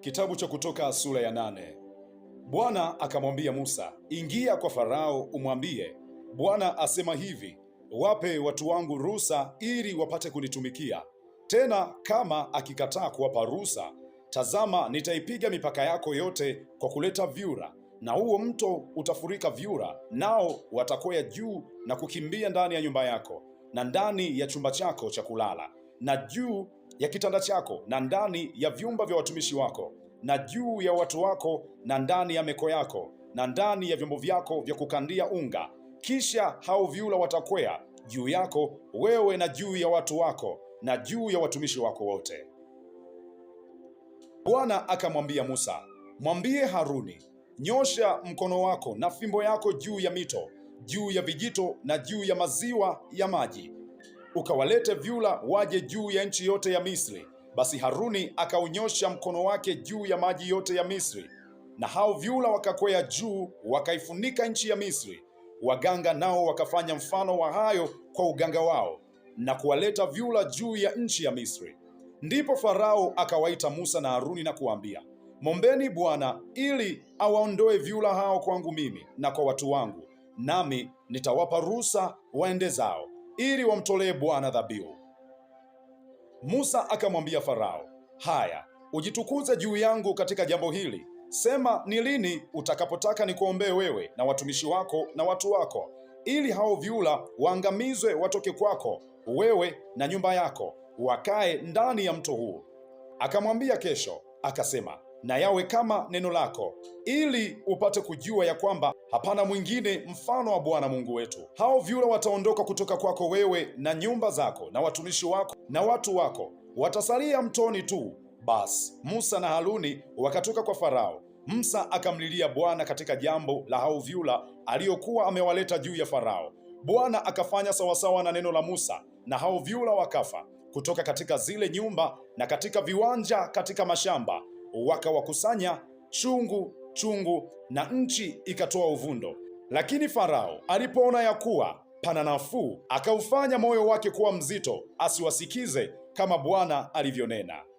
Kitabu cha Kutoka sura ya nane. Bwana akamwambia Musa, ingia kwa Farao umwambie, Bwana asema hivi, wape watu wangu ruhusa ili wapate kunitumikia. Tena kama akikataa kuwapa ruhusa, tazama, nitaipiga mipaka yako yote kwa kuleta vyura, na huo mto utafurika vyura, nao watakoya juu na kukimbia ndani ya nyumba yako na ndani ya chumba chako cha kulala na juu ya kitanda chako na ndani ya vyumba vya watumishi wako na juu ya watu wako na ndani ya meko yako na ndani ya vyombo vyako vya kukandia unga, kisha hao viula watakwea juu yako wewe na juu ya watu wako na juu ya watumishi wako wote. Bwana akamwambia Musa, mwambie Haruni, nyosha mkono wako na fimbo yako juu ya mito, juu ya vijito na juu ya maziwa ya maji ukawalete vyula waje juu ya nchi yote ya Misri. Basi Haruni akaunyosha mkono wake juu ya maji yote ya Misri, na hao vyula wakakwea juu, wakaifunika nchi ya Misri. Waganga nao wakafanya mfano wa hayo kwa uganga wao, na kuwaleta vyula juu ya nchi ya Misri. Ndipo Farao akawaita Musa na Haruni na kuwaambia, mombeni Bwana ili awaondoe vyula hao kwangu mimi na kwa watu wangu, nami nitawapa ruhusa waende zao ili wamtolee Bwana dhabihu. Musa akamwambia Farao, haya, ujitukuze juu yangu katika jambo hili. Sema ni lini utakapotaka nikuombee wewe na watumishi wako na watu wako, ili hao vyula waangamizwe watoke kwako wewe na nyumba yako, wakae ndani ya mto huu. Akamwambia kesho, akasema na yawe kama neno lako, ili upate kujua ya kwamba hapana mwingine mfano wa Bwana Mungu wetu. Hao vyura wataondoka kutoka kwako wewe na nyumba zako na watumishi wako na watu wako, watasalia mtoni tu. Basi Musa na Haruni wakatoka kwa Farao. Musa akamlilia Bwana katika jambo la hao vyura aliyokuwa amewaleta juu ya Farao. Bwana akafanya sawasawa na neno la Musa, na hao vyura wakafa kutoka katika zile nyumba na katika viwanja katika mashamba wakawakusanya chungu chungu, na nchi ikatoa uvundo. Lakini Farao alipoona ya kuwa pana nafuu, akaufanya moyo wake kuwa mzito, asiwasikize kama Bwana alivyonena.